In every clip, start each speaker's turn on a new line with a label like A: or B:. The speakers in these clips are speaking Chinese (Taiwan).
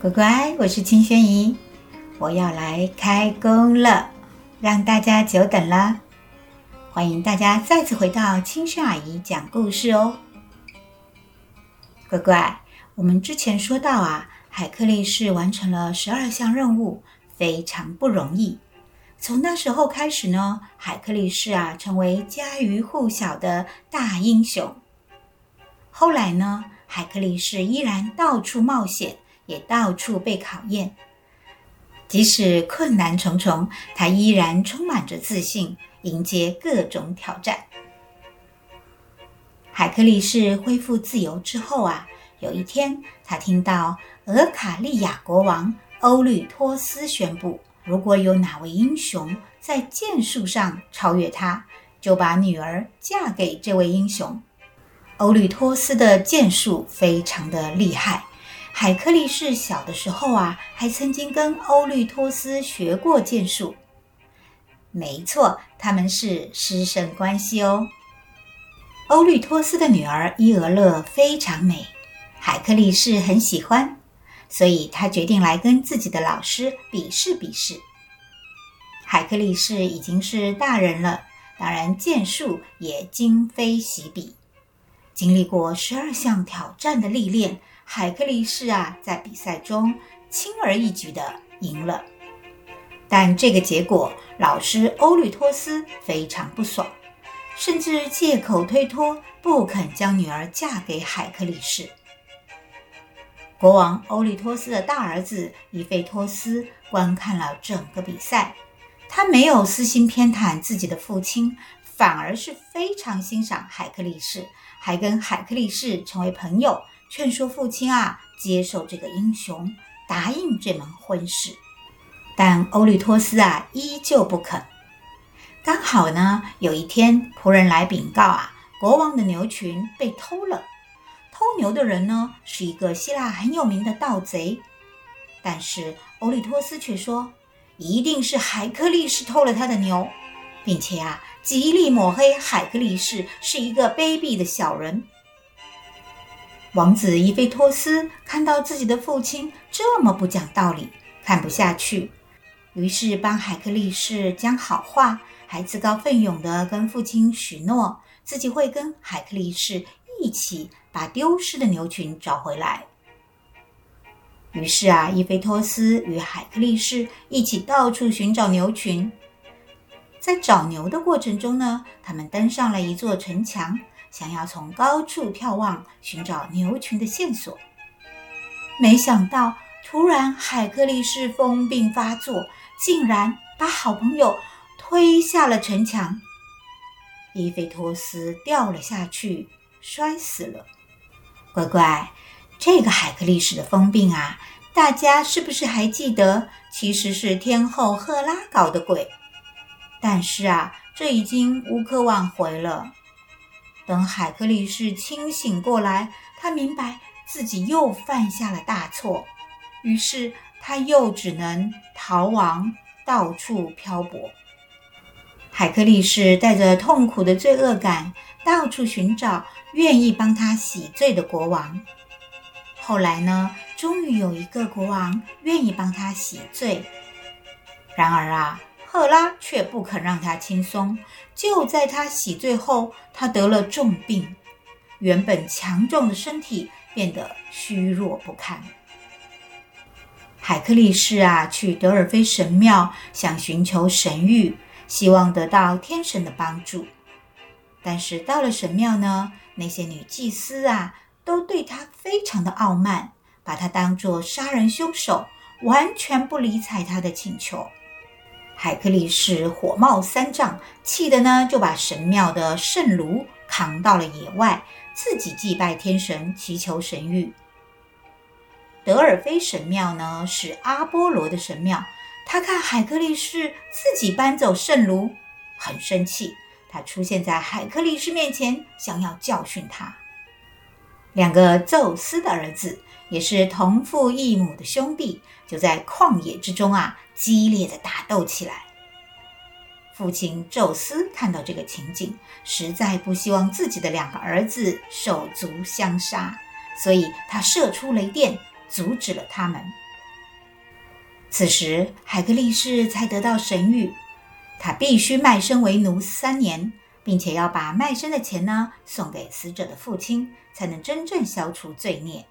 A: 乖乖，我是青萱姨，我要來開工了，讓大家久等了。歡迎大家再次回到青萱阿姨講故事哦。乖乖，我們之前說到啊，海克力士完成了十二項任務，非常不容易。從那時候開始呢，海克力士啊成為家喻戶曉的大英雄。後來呢，海克力士依然到處冒險。也到處被考驗，即使困難重重，他依然充滿着自信，迎接各種挑戰。海克力士恢復自由之後啊，有一天，他聽到俄卡利亞國王歐律托斯宣布，如果有哪位英雄在劍術上超越他，就把女兒嫁給這位英雄。歐律托斯的劍術非常的厲害。海克力士小的時候啊，還曾經跟歐律托斯學過劍術。沒錯，他們是師生關係哦。歐律托斯的女兒伊俄勒非常美，海克力士很喜歡，所以他決定來跟自己的老師比試比試。海克力士已經是大人了，當然劍術也今非昔比，經歷過十二項挑戰的歷練。海克力士啊，在比賽中輕而易舉的贏了，但這個結果，老師歐律托斯非常不爽，甚至借口推脫，不肯將女兒嫁給海克力士。國王歐律托斯的大兒子伊費托斯觀看了整個比賽，他沒有私心偏袒自己的父親，反而是非常欣賞海克力士，還跟海克力士成為朋友。勸說父親啊，接受這個英雄，答應這門婚事。但歐利托斯啊，依舊不肯。剛好呢，有一天僕人來禀告啊，國王的牛群被偷了。偷牛的人呢，是一個希臘很有名的盜賊。但是歐利托斯卻說，一定是海克力士偷了他的牛，並且啊，極力抹黑海克力士是一個卑鄙的小人。王子伊菲托斯看到自己的父親這麼不講道理，看不下去，於是幫海克力士講好話，還自告奮勇地跟父親許諾，自己會跟海克力士一起把丟失的牛群找回來。於是啊，伊菲托斯與海克力士一起到處尋找牛群。在找牛的過程中呢，他們登上了一座城牆。想要從高處眺望，尋找牛群的線索，沒想到突然海克力士瘋病發作，竟然把好朋友推下了城牆。伊菲托斯掉了下去，摔死了。乖乖，這個海克力士的瘋病啊，大家是不是還記得？其實是天後赫拉搞的鬼。但是啊，這已經無可挽回了。等海克力士清醒過來，他明白自己又犯下了大錯，於是他又只能逃亡，到處漂泊。海克力士帶着痛苦的罪惡感，到處尋找願意幫他洗罪的國王。後來呢，終於有一個國王願意幫他洗罪。然而啊，赫拉卻不肯讓他輕鬆。就在他洗罪後，他得了重病，原本強壯的身體變得虛弱不堪。海克力士啊，去德爾菲神廟想尋求神諭，希望得到天神的幫助。但是到了神廟呢，那些女祭司啊，都對他非常的傲慢，把他當作殺人兇手，完全不理睬他的請求。海克力士火冒三丈，氣得呢就把神廟的聖爐扛到了野外，自己祭拜天神，祈求神諭。德爾菲神廟呢是阿波羅的神廟，他看海克力士自己搬走聖爐，很生氣，他出現在海克力士面前，想要教訓他。兩個宙斯的兒子。也是同父異母的兄弟，就在曠野之中啊，激烈的打鬥起來。父親宙斯看到這個情景，實在不希望自己的兩個兒子手足相殺，所以他射出雷電阻止了他們。此時，海格力士才得到神諭，他必須賣身為奴三年，並且要把賣身的錢呢送給死者的父親，才能真正消除罪孽。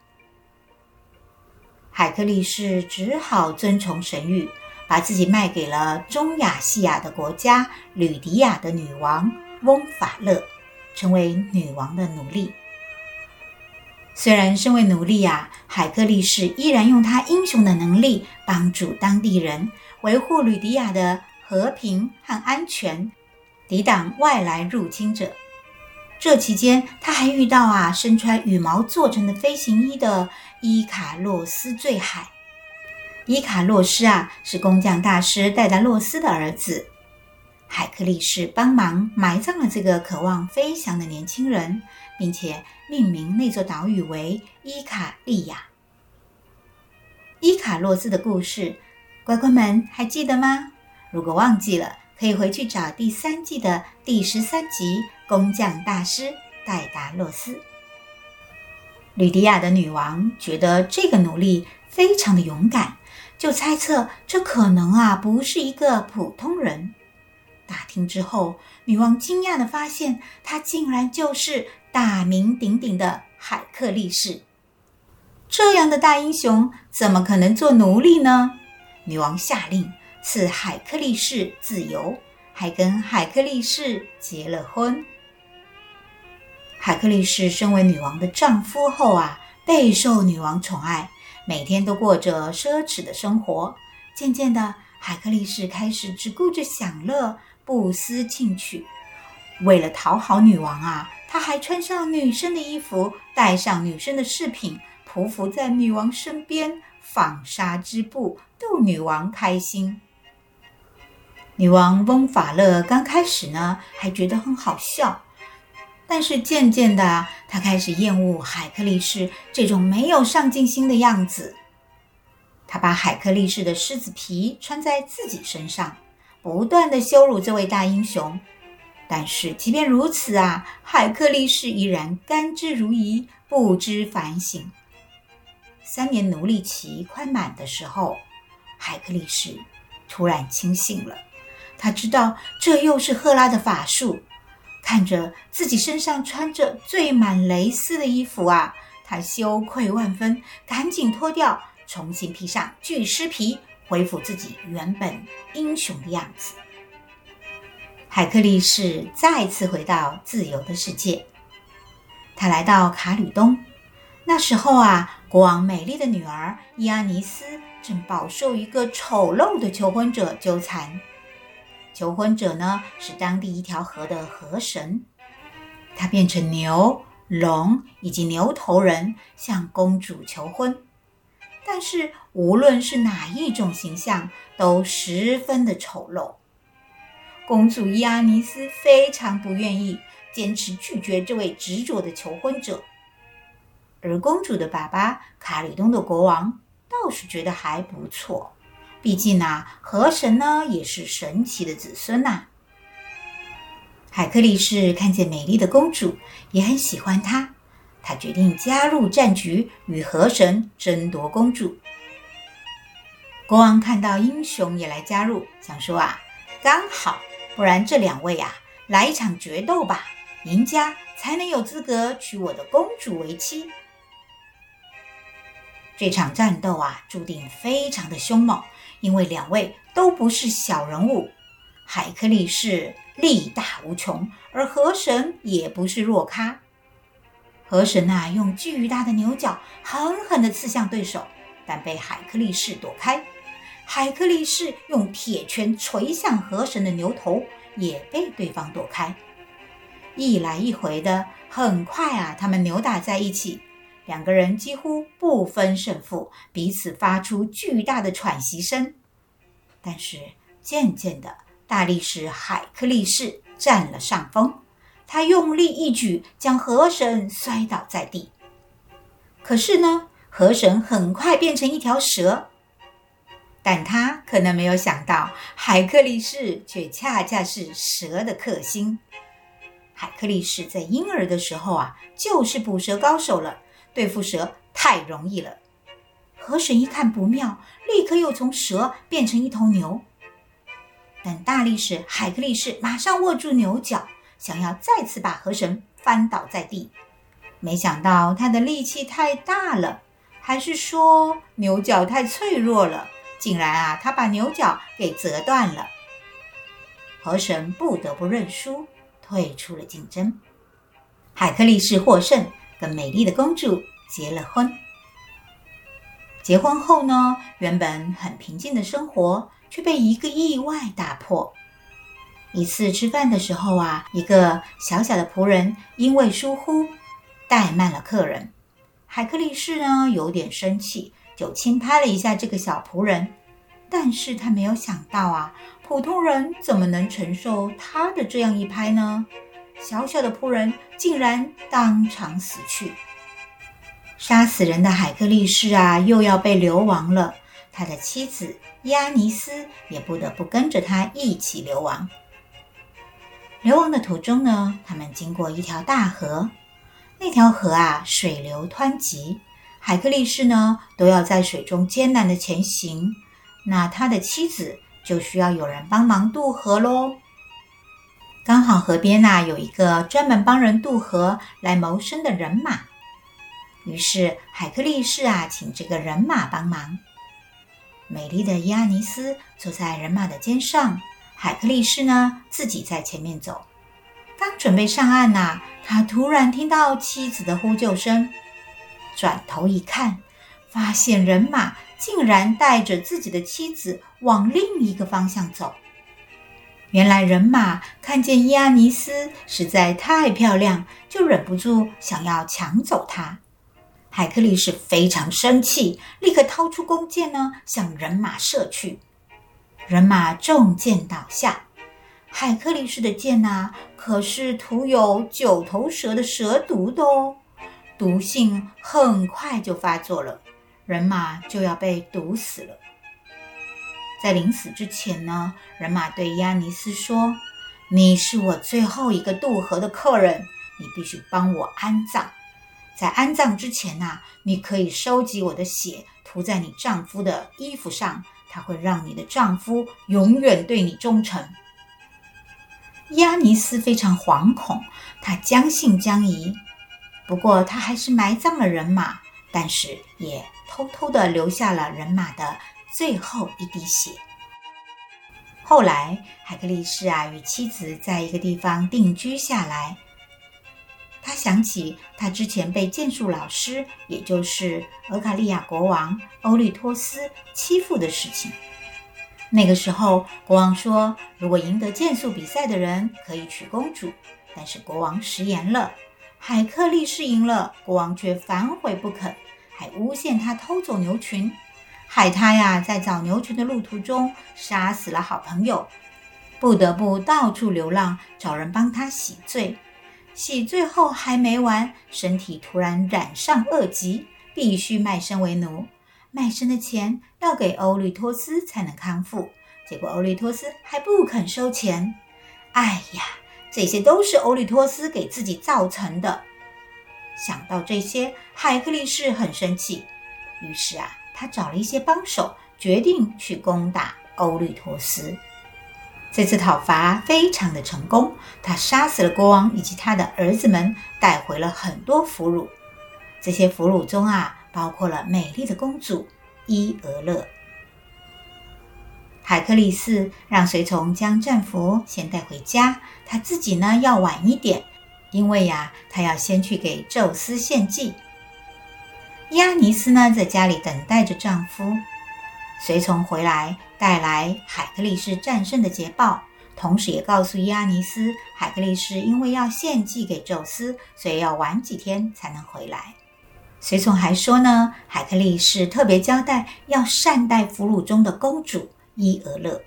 A: 海克力士只好遵從神諭，把自己賣給了中亞細亞的國家呂迪亞的女王翁法勒，成為女王的奴隸。雖然身為奴隸呀，海克力士依然用他英雄的能力幫助當地人，維護呂迪迪亞的和平和安全，抵擋外來入侵者。這期間，他還遇到啊身穿羽毛做成的飛行衣的伊卡洛斯墜海。伊卡洛斯啊，是工匠大師戴達洛斯的兒子。海克力士幫忙埋葬了這個渴望飛翔的年輕人，並且命名那座島嶼為伊卡利亞。伊卡洛斯的故事，乖乖們還記得嗎？如果忘記了。可以回去找第三季的第十三集《工匠大師戴達洛斯》。呂迪亞的女王覺得這個奴隸非常的勇敢，就猜測這可能啊不是一個普通人。打聽之後，女王驚訝地發現，他竟然就是大名鼎鼎的海克力士。這樣的大英雄怎麼可能做奴隸呢？女王下令。賜海克力士自由，還跟海克力士結了婚。海克力士身為女王的丈夫後啊，備受女王寵愛，每天都過着奢侈的生活。漸漸的，海克力士開始只顧着享樂，不思進取。為了討好女王啊，他還穿上女生的衣服，戴上女生的飾品，匍匐在女王身邊，紡紗織布，逗女王開心。女王翁法勒剛開始呢，還覺得很好笑，但是漸漸的，她開始厭惡海克力士這種沒有上進心的樣子。她把海克力士的獅子皮穿在自己身上，不斷的羞辱這位大英雄。但是即便如此啊，海克力士依然甘之如飴，不知反省。三年奴隸期快滿的時候，海克力士突然清醒了。他知道這又是赫拉的法術，看着自己身上穿着綴滿蕾絲的衣服啊，他羞愧萬分，趕緊脫掉，重新披上巨獅皮，恢復自己原本英雄的樣子。海克力士再次回到自由的世界，他來到卡呂東，那時候啊，國王美麗的女兒伊阿尼斯正飽受一個醜陋的求婚者糾纏。求婚者呢，是當地一條河的河神，他變成牛、龍以及牛頭人向公主求婚，但是無論是哪一種形象都十分的醜陋。公主伊阿尼斯非常不願意，堅持拒絕這位執着的求婚者，而公主的爸爸卡里東的國王倒是覺得還不錯。畢竟吶、啊，河神呢也是神奇的子孫吶、啊。海克力士看見美麗的公主，也很喜歡她。他決定加入戰局，與河神爭奪公主。國王看到英雄也來加入，想說啊，剛好，不然這兩位啊，來一場決鬥吧，贏家才能有資格娶我的公主為妻。這場戰鬥啊，注定非常的兇猛。因為兩位都不是小人物，海克力士力大無窮，而河神也不是弱咖。河神吶，用巨大的牛角狠狠地刺向對手，但被海克力士躲開。海克力士用鐵拳錘向河神的牛頭，也被對方躲開。一來一回的，很快啊，他們扭打在一起。兩個人幾乎不分勝負，彼此發出巨大的喘息聲。但是漸漸的，大力士海克力士佔了上風。他用力一舉，將河神摔倒在地。可是呢，河神很快變成一條蛇。但他可能沒有想到，海克力士卻恰恰是蛇的剋星。海克力士在嬰兒的時候啊，就是捕蛇高手了。對付蛇太容易了，河神一看不妙，立刻又從蛇變成一頭牛。等大力士海克力士馬上握住牛角，想要再次把河神翻倒在地，沒想到他的力氣太大了，還是說牛角太脆弱了，竟然啊，他把牛角給折斷了。河神不得不認輸，退出了競爭，海克力士獲勝。跟美麗的公主結了婚。結婚後呢，原本很平靜的生活卻被一個意外打破。一次吃飯的時候啊，一個小小的僕人因為疏忽怠慢了客人，海克力士呢有點生氣，就輕拍了一下這個小僕人。但是他沒有想到啊，普通人怎麼能承受他的這樣一拍呢？小小的僕人竟然當場死去，殺死人的海克力士啊，又要被流亡了。他的妻子伊安尼斯也不得不跟着他一起流亡。流亡的途中呢，他們經過一條大河，那條河啊，水流湍急，海克力士呢，都要在水中艱難地前行。那他的妻子就需要有人幫忙渡河嘍。剛好河邊吶、啊、有一個專門幫人渡河來謀生的人馬，於是海克力士啊請這個人馬幫忙。美麗的伊阿尼斯坐在人馬的肩上，海克力士呢，自己在前面走。剛準備上岸吶、啊，他突然聽到妻子的呼救聲，轉頭一看，發現人馬竟然帶着自己的妻子往另一個方向走。原來人馬看見伊阿尼斯實在太漂亮，就忍不住想要搶走她。海克力士非常生氣，立刻掏出弓箭呢，向人馬射去。人馬中箭倒下。海克力士的箭呢、啊，可是塗有九頭蛇的蛇毒的哦，毒性很快就發作了，人馬就要被毒死了。在臨死之前呢，人馬對亞尼斯說：“你是我最後一個渡河的客人，你必須幫我安葬。在安葬之前呢、啊，你可以收集我的血，塗在你丈夫的衣服上，它會讓你的丈夫永遠對你忠誠。”亞尼斯非常惶恐，他將信將疑。不過他還是埋葬了人馬，但是也偷偷地留下了人馬的最後一滴血。後來，海克力士啊與妻子在一個地方定居下來。他想起他之前被劍術老師，也就是俄卡利亞國王歐律托斯欺負的事情。那個時候，國王說如果贏得劍術比賽的人可以娶公主，但是國王食言了。海克力士贏了，國王卻反悔不肯，還誣陷他偷走牛群。海他呀，在找牛群的路途中殺死了好朋友，不得不到處流浪，找人幫他洗罪。洗罪後還沒完，身體突然染上惡疾，必須賣身為奴。賣身的錢要給歐律托斯才能康復。結果歐律托斯還不肯收錢。哎呀，這些都是歐律托斯給自己造成的。想到這些，海格力士很生氣。於是啊。他找了一些幫手，決定去攻打歐律陀斯。這次討伐非常的成功，他殺死了國王以及他的兒子們，帶回了很多俘虜。這些俘虜中啊，包括了美麗的公主伊俄勒。海克力士讓隨從將戰俘先帶回家，他自己呢要晚一點，因為呀、啊，他要先去給宙斯獻祭。伊阿尼斯呢，在家裡等待着丈夫，隨從回來，帶來海克力士戰勝的捷報，同時也告訴伊阿尼斯，海克力士因為要獻祭給宙斯，所以要晚幾天才能回來。隨從還說呢，海克力士特別交代要善待俘虜中的公主伊俄勒。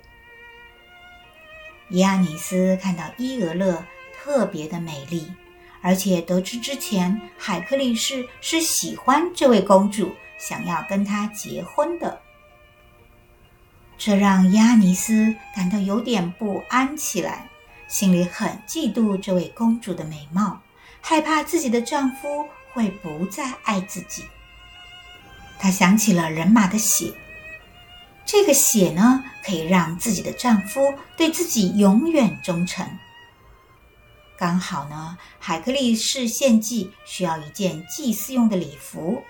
A: 伊阿尼斯看到伊俄勒特別的美麗。而且得知之前海克力士是喜歡這位公主，想要跟她結婚的，這讓亞尼斯感到有點不安起來，心裡很嫉妒這位公主的美貌，害怕自己的丈夫會不再愛自己。她想起了人馬的血，這個血呢，可以讓自己的丈夫對自己永遠忠誠。剛好呢，海克力士獻祭需要一件祭祀用的禮服，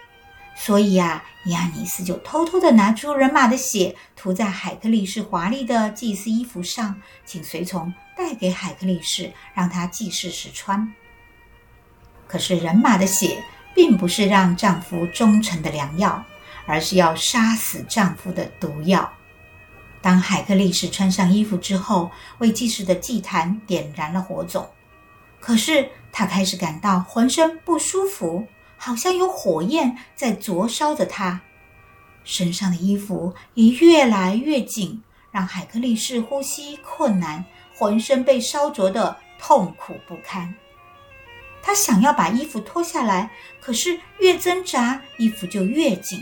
A: 所以呀、啊，尼亞尼斯就偷偷的拿出人馬的血，塗在海克力士華麗的祭祀衣服上，請隨從帶給海克力士，讓他祭祀時穿。可是人馬的血並不是讓丈夫忠誠的良藥，而是要殺死丈夫的毒藥。當海克力士穿上衣服之後，為祭祀的祭壇點燃了火種。可是他開始感到渾身不舒服，好像有火焰在灼燒着他，身上的衣服也越來越緊，讓海克力士呼吸困難，渾身被燒灼得痛苦不堪。他想要把衣服脫下來，可是越掙扎衣服就越緊。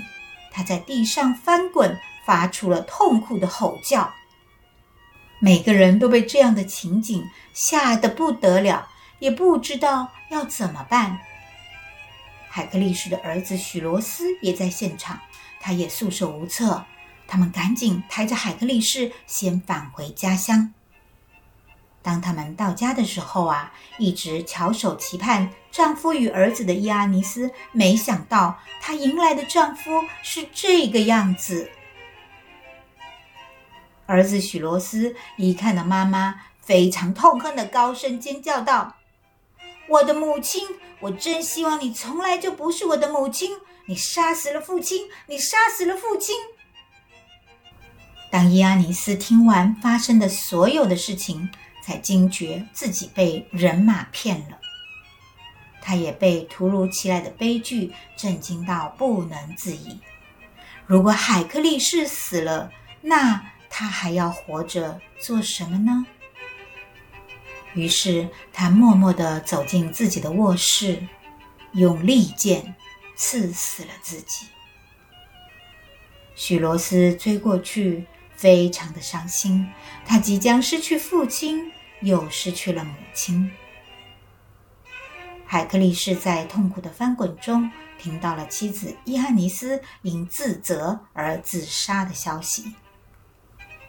A: 他在地上翻滾，發出了痛苦的吼叫。每個人都被這樣的情景嚇得不得了。也不知道要怎麼辦。海克力士的兒子許羅斯也在現場，他也束手無策。他們趕緊抬着海克力士先返回家鄉。當他們到家的時候啊，一直翹首期盼丈夫與兒子的伊阿尼斯，沒想到她迎來的丈夫是這個樣子。兒子許羅斯一看到媽媽，非常痛恨地高聲尖叫道。我的母親，我真希望你從來就不是我的母親！你殺死了父親，你殺死了父親！當伊安尼斯聽完發生的所有的事情，才驚覺自己被人馬騙了。他也被突如其來的悲劇震驚到不能自已。如果海克力士死了，那他還要活着做什麼呢？於是他默默地走進自己的臥室，用利劍刺死了自己。許羅斯追過去，非常的傷心，他即將失去父親，又失去了母親。海克力士在痛苦的翻滾中，聽到了妻子伊漢尼斯因自責而自殺的消息。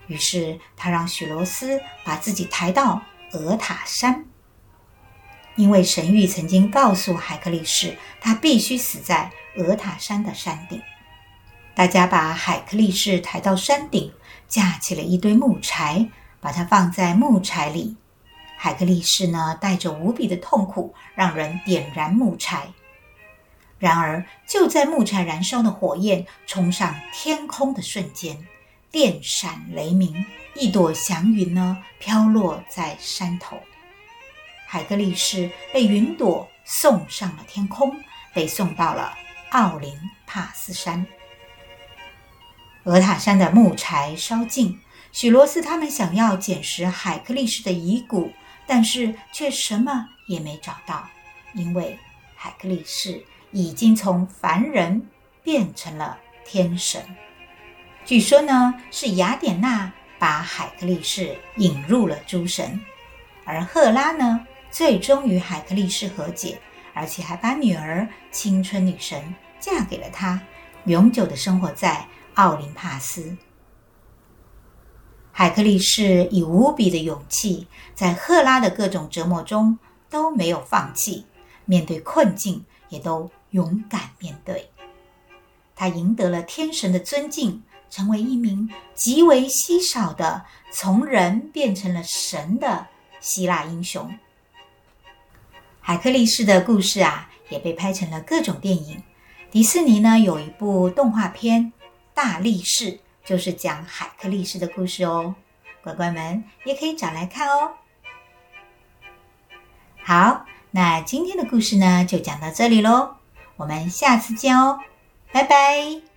A: 於是他讓許羅斯把自己抬到厄塔山，因為神諭曾經告訴海克力士，他必須死在厄塔山的山頂。大家把海克力士抬到山頂，架起了一堆木柴，把他放在木柴裡。海克力士呢，帶着無比的痛苦，讓人點燃木柴。然而，就在木柴燃燒的火焰衝上天空的瞬間，電閃雷鳴。一朵祥雲呢，飄落在山頭。海克力士被雲朵送上了天空，被送到了奧林帕斯山。俄塔山的木柴燒盡，許羅斯他們想要撿拾海克力士的遺骨，但是卻什麼也沒找到，因為海克力士已經從凡人變成了天神。據說呢，是雅典娜。把海克力士引入了諸神，而赫拉呢，最終與海克力士和解，而且還把女兒青春女神嫁給了他，永久的生活在奧林帕斯。海克力士以無比的勇氣，在赫拉的各種折磨中都沒有放棄，面對困境也都勇敢面對，他贏得了天神的尊敬。成為一名極為稀少的從人變成了神的希臘英雄。海克力士的故事啊，也被拍成了各種電影。迪士尼呢，有一部動畫片《大力士》，就是講海克力士的故事哦。乖乖們，也可以找來看哦。好，那今天的故事呢，就講到這裡嘍，我們下次見哦，拜拜。